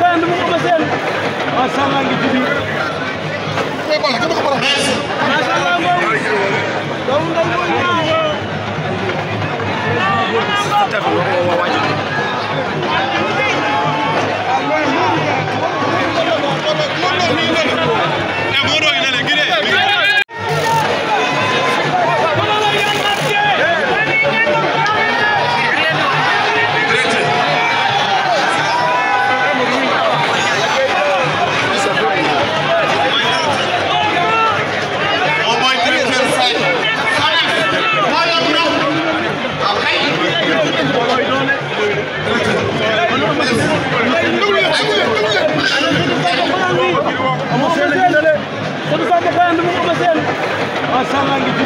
bayan da muka masayar masha Allah ngi tubi masha Allah ngomu don ngomu ya Hasan'la gidiyor.